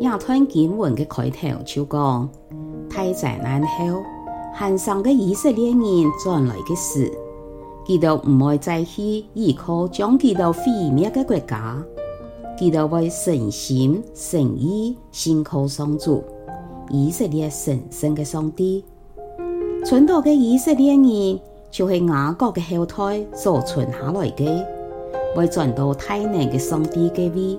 亞吞金文的開頭就講，太宰難後，漢上嘅以色列人來將來的事，佢就唔會再去依靠將佢到毀滅嘅國家，佢就會信心、誠意、心口相助以色列神聖嘅上帝。存到嘅以色列人就係雅各的後代保傳下來給，會傳到太難的上帝嘅位。